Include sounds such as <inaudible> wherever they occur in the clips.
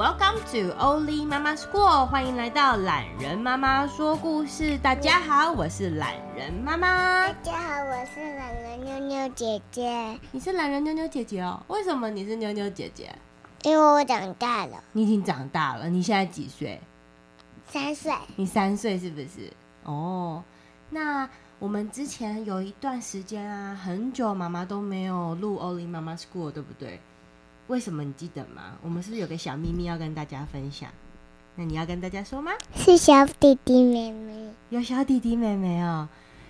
Welcome to Oli 媽媽 school 歡迎來到欖仁媽媽說故事。大家好，我是欖仁媽媽。大家好，我是欖仁妞妞姐姐。你是欖仁妞妞姐姐哦？為什麼你是妞妞姐姐？因為我長大了。你已經長大了。你現在幾歲？三歲。你三歲是不是？哦，那我們之前有一段時間啊，很久媽媽都沒有錄 Oli 媽媽 school 對不對？為什麼你記得嗎？我們是不是有個小祕密要跟大家分享？那你要跟大家說嗎？是小弟弟妹妹。有小弟弟妹妹哦。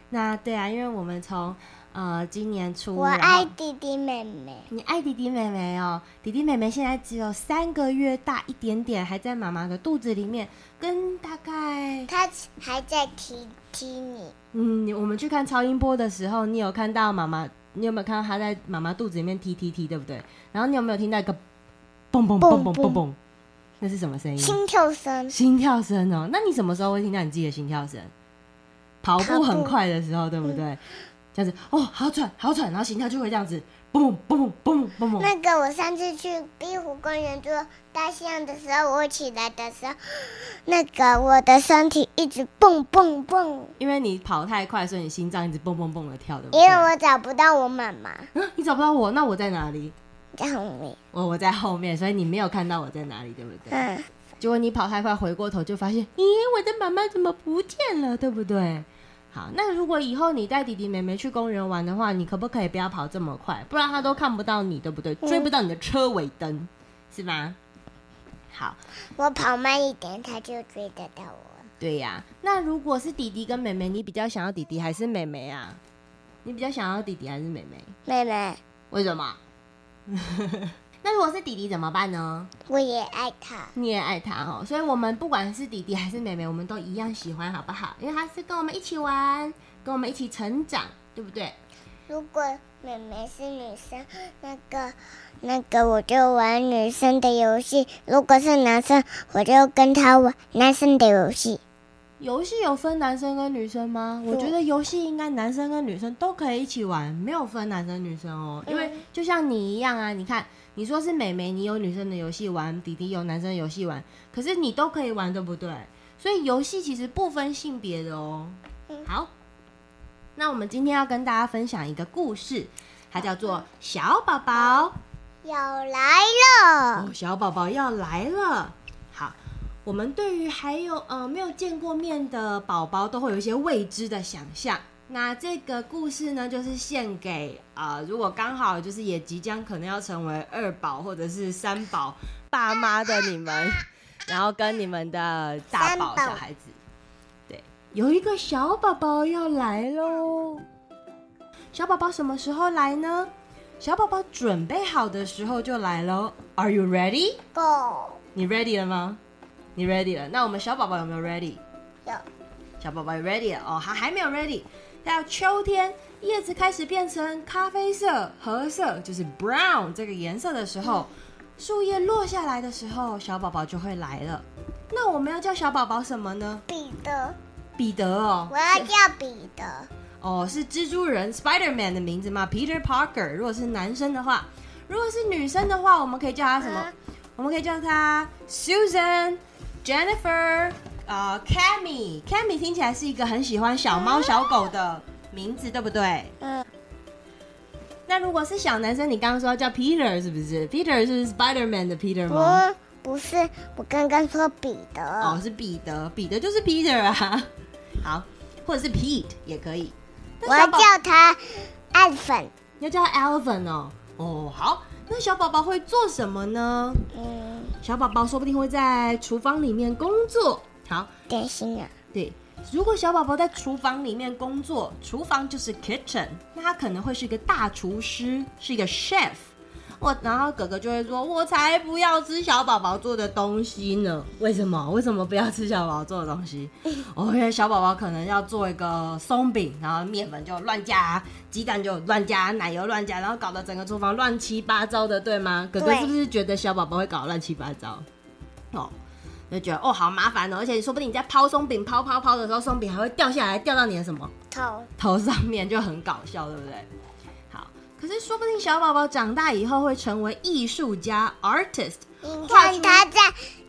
那對啊，因為我們從呃今年初，我愛弟弟妹妹，你愛弟弟妹妹哦。弟弟妹妹現在只有三個月大一點點，還在媽媽的肚子裡面，跟大概他還在踢踢你。嗯，我們去看超音波的時候，你有看到媽媽？你有沒有看到他在媽媽肚子裡面踢踢踢，對不對？然後你有沒有聽到一個砰砰砰砰砰砰砰砰，蹦蹦蹦蹦蹦蹦，那是什麼聲音？心跳聲。心跳聲哦，那你什麼時候會聽到你自己的心跳聲？跑步很快的時候，踏步，對不對？嗯。這樣子哦，好喘，好喘，然後心跳就會這樣子，嘣嘣嘣嘣。那個我上次去碧湖公園坐大象的時候，我起來的時候，那個我的身體一直蹦蹦蹦。因為你跑太快，所以你心臟一直蹦蹦蹦的跳的。對對，因為我找不到我媽媽。啊？你找不到我，那我在哪裡？在後面。我我在後面，所以你沒有看到我在哪裡，對不對？嗯。結果你跑太快，回過頭就發現，咦，我的媽媽怎麼不見了？對不對？好，那如果以後你帶弟弟妹妹去公園玩的話，你可不可以不要跑這麼快？不然他都看不到你，對不對？追不到你的車尾燈，是嗎？好，我跑慢一點，他就追得到我。對呀，那如果是弟弟跟妹妹，你比較想要弟弟還是妹妹啊？你比較想要弟弟還是妹妹？妹妹。為什麼？ <laughs> 那如果是弟弟怎麼辦呢？我也愛他，你也愛他哦。所以，我們不管是弟弟還是妹妹，我們都一樣喜歡，好不好？因為他是跟我們一起玩，跟我們一起成長，對不對？如果妹妹是女生，那個那個我就玩女生的遊戲；如果是男生，我就跟他玩男生的遊戲。遊戲有分男生跟女生嗎？嗯、我覺得遊戲應該男生跟女生都可以一起玩，沒有分男生女生哦。因為就像你一樣啊，嗯、你看你說是妹妹，你有女生的遊戲玩，弟弟有男生遊戲玩，可是你都可以玩，對不對？所以遊戲其實不分性別的哦。嗯、好，那我們今天要跟大家分享一個故事，它叫做小寶寶、嗯、要來了。哦，小寶寶要來了。我們對於還有呃沒有見過面的寶寶，都會有一些未知的想象。那這個故事呢，就是獻給啊、呃，如果剛好就是也即將可能要成為二寶或者是三寶爸媽的你們，三寶。然後跟你們的大寶小孩子，對，有一個小寶寶要來嘍。小寶寶什麼時候來呢？小寶寶準備好的時候就來嘍。Are you ready? Go. 你 ready 了嗎？你 ready 了，那我們小寶寶有沒有 ready？有。小寶寶 ready 了哦，還還沒有 ready。到秋天，葉子開始變成咖啡色、褐色，就是 brown 這個顏色的時候，樹葉落下來的時候，小寶寶就會來了。那我們要叫小寶寶什麼呢？彼得。彼得哦，我要叫彼得。哦，是蜘蛛人 Spider Man 的名字嗎？Peter Parker。如果是男生的話，如果是女生的話，我們可以叫他什麼？嗯、我們可以叫他 Susan。Jennifer，啊、uh,，Cammy，Cammy 聽起來是一個很喜歡小貓小狗的名字，對不對？嗯、呃。那如果是小男生，你剛剛說要叫 Peter，是不是？Peter 是,是 Spiderman 的 Peter 嗎？不，不是，我剛剛說彼得。哦，是彼得，彼得就是 Peter 啊。 <laughs> 好，或者是 Pete 也可以。我要叫他 Alvin 要叫 Alvin 哦。哦，好。那小寶寶會做什麼呢？嗯，小寶寶說不定會在廚房裡面工作。好，點心啊。對，如果小寶寶在廚房裡面工作，廚房就是 kitchen，那他可能會是一個大廚師，是一個 chef。我然後哥哥就會說，我才不要吃小寶寶做的東西呢。為什麼？為什麼不要吃小寶寶做的東西？哦， <laughs> oh, 因為小寶寶可能要做一個鬆餅，然後麵粉就亂加、啊，雞蛋就亂加、啊，奶油亂加，然後搞得整個廚房亂七八糟的，對嗎？對。哥哥是不是覺得小寶寶會搞亂七八糟？哦、oh,，就覺得哦、oh, 好麻煩的、喔，而且說不定你在拋鬆餅拋拋拋的時候，鬆餅還會掉下來，掉到你的什麼頭、oh. 頭上面，就很搞笑，對不對？可是說不定小寶寶長大以後會成為藝術家 artist，畫他在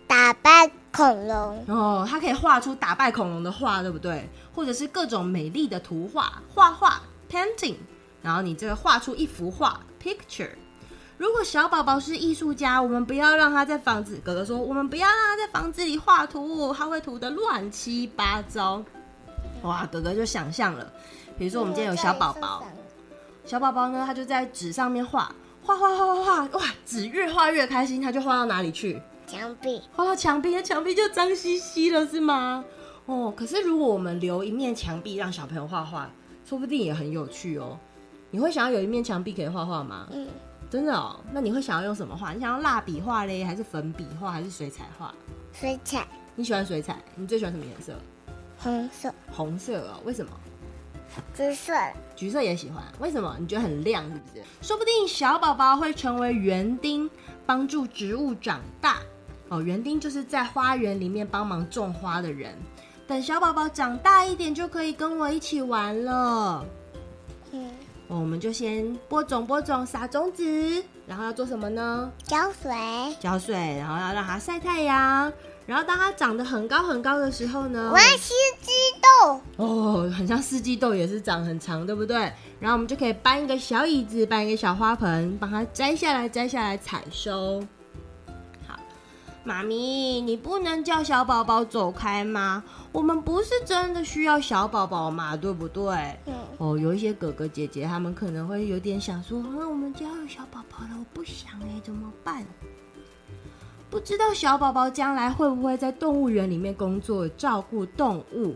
打敗恐龍哦，他可以畫出打敗恐龍的畫，對不對？或者是各種美麗的圖畫，畫畫 painting，然後你這個畫出一幅畫 picture。如果小寶寶是藝術家，我們不要讓他在房子。哥哥說，我們不要讓他在房子裡畫圖，他會塗得亂七八糟。哇，哥哥就想象了，比如說我們今天有小寶寶。小寶寶呢，他就在紙上面畫，畫畫畫畫畫，哇，紙越畫越開心，他就畫到哪裡去？牆壁，畫到牆壁，那牆壁就髒兮兮了，是嗎？哦，可是如果我們留一面牆壁讓小朋友畫畫，說不定也很有趣哦。你會想要有一面牆壁可以畫畫嗎？嗯，真的哦。那你會想要用什麼畫？你想要蠟筆畫嘞，還是粉筆畫，還是水彩畫？水彩。你喜歡水彩？你最喜歡什麼顏色？紅色。紅色啊，為什麼？橘色，橘色也喜歡，為什麼？你覺得很亮，是不是？說不定小寶寶會成為園丁，幫助植物長大。哦，園丁就是在花園裡面幫忙種花的人。等小寶寶長大一點，就可以跟我一起玩了。嗯，我們就先播種，播種，撒種子，然後要做什麼呢？澆水，澆水，然後要讓它曬太陽。然後當它長得很高很高的時候呢？我先。哦，很像四季豆，也是長很長，對不對？然後我們就可以搬一個小椅子，搬一個小花盆，把它摘下來，摘下來採收。好，媽咪，你不能叫小寶寶走開嗎？我們不是真的需要小寶寶嘛？對不對？嗯、哦，有一些哥哥姐姐，他們可能會有點想說：啊，我們家有小寶寶了，我不想哎、欸，怎麼辦？不知道小寶寶將來會不會在動物園裡面工作，照顧動物。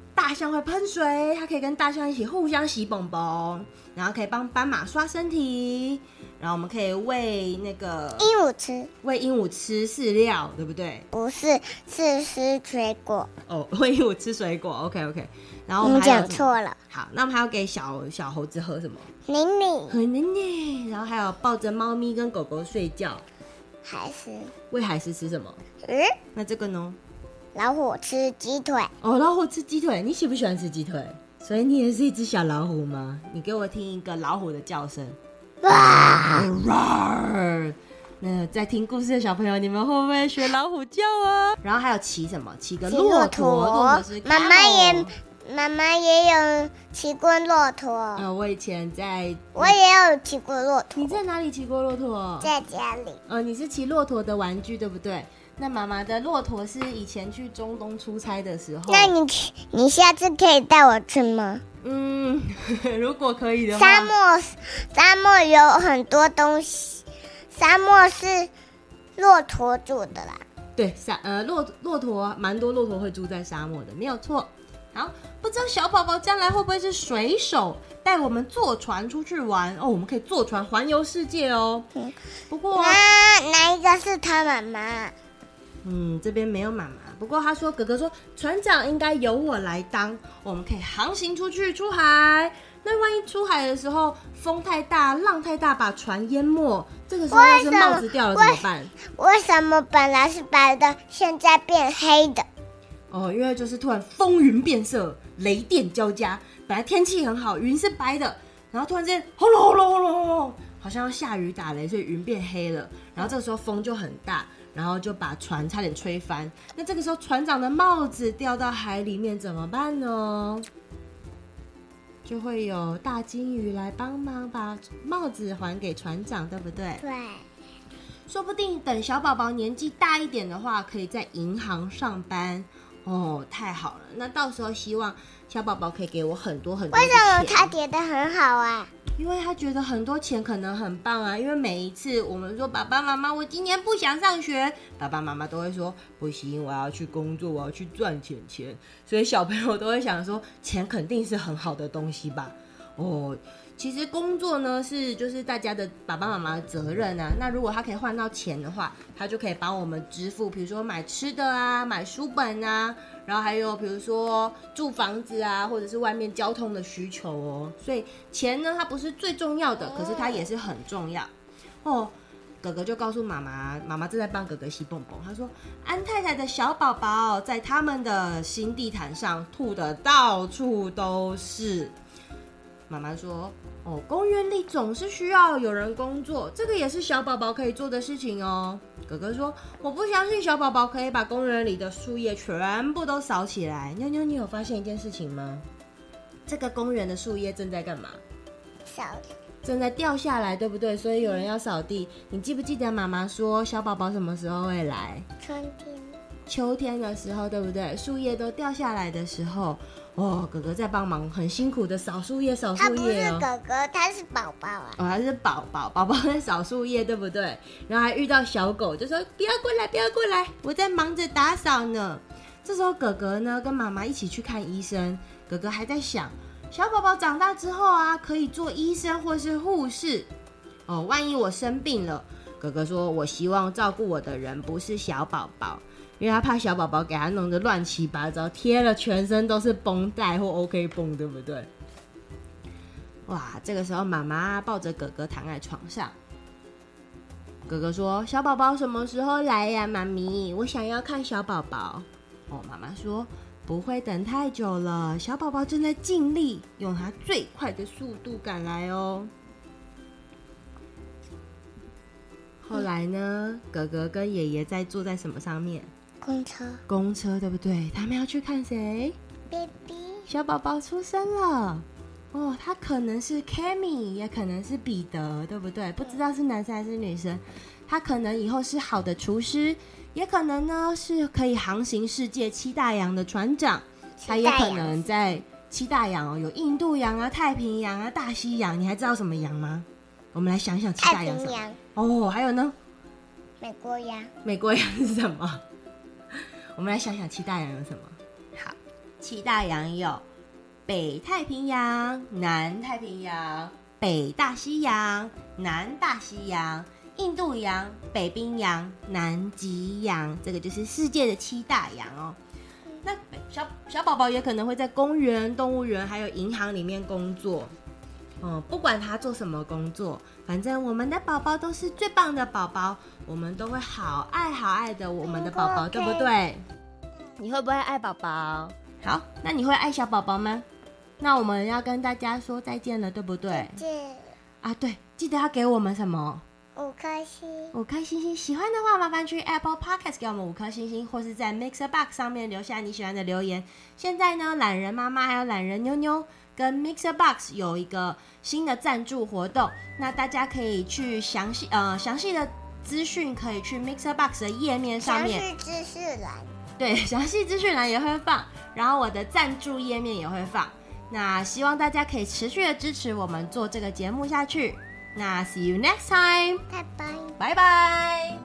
大象會噴水，它可以跟大象一起互相洗澎澎，然後可以幫斑馬刷身體，然後我們可以餵那個鸚鵡吃，餵鸚鵡吃飼料，對不對？不是，是吃水果。哦，餵鸚鵡吃水果，OK OK。然後我們講錯了。好，那我們還要給小小猴子喝什麼？牛奶捏，喝牛奶。然後還有抱着貓咪跟狗狗睡覺，海獅是。餵海獅吃什麼？魚、嗯。那這個呢？老虎吃雞腿哦！老虎吃雞腿，你喜不喜歡吃雞腿？所以你也是一隻小老虎嗎？你給我聽一個老虎的叫聲。啊、 <laughs> 那在聽故事的小朋友，你們會不會學老虎叫啊？ <laughs> 然後還有騎什麼？騎個駱駝。騎駱駝媽媽也，媽媽也有騎過駱駝。呃，我以前在，我也有騎過駱駝。你在哪裡騎過駱駝？在家裡。呃，你是騎駱駝的玩具，對不對？那媽媽的駱駝是以前去中東出差的時候。那你你下次可以帶我去嗎？嗯，呵呵，如果可以的話。沙漠沙漠，有很多東西，沙漠是駱駝住的啦。對，沙呃駱駱駝蠻多，駱駝會住在沙漠的，沒有錯。好，不知道小寶寶將來會不會是水手，帶我們坐船出去玩哦，我們可以坐船環遊世界哦。不過啊，哪一個是他媽媽？嗯，這邊沒有媽媽。不過他說，哥哥說，船長應該由我來當，我們可以航行出去出海。那萬一出海的時候風太大、浪太大，把船淹沒，這個時候是帽子掉了怎麼辦？為什麼,什麼本來是白的，現在變黑的？哦，因為就是突然風雲變色，雷電交加，本來天氣很好，雲是白的，然後突然間轟隆轟隆轟隆轟隆，嗯、好像要下雨打雷，所以雲變黑了，然後這個時候風就很大。然後就把船差點吹翻，那這個時候船長的帽子掉到海裡面怎麼辦呢？就會有大鯨魚來幫忙把帽子還給船長，對不對？對。說不定等小寶寶年紀大一點的話，可以在銀行上班哦，太好了。那到時候希望。小寶寶可以給我很多很多錢。為什麼他給的很好啊？因為他覺得很多錢可能很棒啊。因為每一次我們說爸爸媽媽，我今年不想上學，爸爸媽媽都會說不行，我要去工作，我要去賺錢錢。所以小朋友都會想說，錢肯定是很好的東西吧？哦。其實工作呢，是就是大家的爸爸媽媽的責任啊，那如果他可以換到錢的話，他就可以幫我們支付，比如說買吃的啊、買書本啊，然後還有比如說住房子啊，或者是外面交通的需求哦。所以錢呢，它不是最重要的，可是它也是很重要哦。哥哥就告訴媽媽，媽媽正在幫哥哥洗蹦蹦。他說，安太太的小寶寶在他們的新地毯上吐得到處都是。媽媽說：“哦，公園裡總是需要有人工作，這個也是小寶寶可以做的事情哦。”哥哥說：“我不相信小寶寶可以把公園裡的樹葉全部都掃起來。”妞妞，你有發現一件事情嗎？這個公園的樹葉正在幹嘛？掃地，正在掉下來，對不對？所以有人要掃地。嗯。你記不記得媽媽說，小寶寶什麼時候會來？春天。秋天的時候，對不對？樹葉都掉下來的時候，哦，哥哥在幫忙，很辛苦的掃樹葉，掃樹葉。他不是哥哥，他是寶寶啊。哦，他是寶寶，寶寶在掃樹葉，對不對？然後還遇到小狗，就說不要過來，不要過來，我在忙着打掃呢。這時候，哥哥呢跟媽媽一起去看醫生。哥哥還在想，小寶寶長大之後啊，可以做醫生或是護士。哦，萬一我生病了。哥哥說：“我希望照顧我的人不是小寶寶，因為他怕小寶寶給他弄得亂七八糟，貼了全身都是繃帶或 OK 繃，對不對？”哇，這個時候媽媽抱着哥哥躺在床上。哥哥說：“小寶寶什麼時候來呀、啊，媽咪？我想要看小寶寶。”哦，媽媽說：“不會等太久了，小寶寶正在盡力用他最快的速度趕來哦。”後來呢？哥哥跟爺爺在坐在什麼上面？公車，公車，對不對？他們要去看誰？Baby，小寶寶出生了。哦，他可能是 Cammy，也可能是彼得，對不對？嗯、不知道是男生還是女生。他可能以後是好的廚師，也可能呢是可以航行世界七大洋的船長。他也可能在七大洋哦、啊，有印度洋啊、太平洋啊、大西洋。你還知道什麼洋嗎？我們來想想七大洋什麼洋哦，還有呢？美國洋，美國洋是什麼？ <laughs> 我們來想想七大洋有什麼？好，七大洋有北太平洋、南太平洋、北大西洋、南大西洋、印度洋、北冰洋、南極洋，這個就是世界的七大洋哦。嗯，那小小寶寶也可能會在公園、動物園，還有銀行裡面工作。嗯，不管他做什麼工作，反正我們的寶寶都是最棒的寶寶，我們都會好愛好愛的我們的寶寶，對不對？你會不會愛寶寶？好，那你會愛小寶寶嗎？那我們要跟大家說再見了，對不對？對。再見。啊，對，記得要給我們什麼？五顆星，五顆星星。喜歡的話，麻煩去 Apple Podcast 給我們五顆星星，或是，在 MixerBox 上面留下你喜歡的留言。現在呢，欖仁媽媽還有欖仁妞妞。跟 MixerBox 有一個新的贊助活動，那大家可以去詳細呃詳細的資訊可以去 MixerBox 的頁面上面。詳細資訊欄對，詳細資訊欄也會放，然後我的贊助頁面也會放。那希望大家可以持續的支持我們做這個節目下去。那 See you next time。Bye bye. 拜拜。拜拜。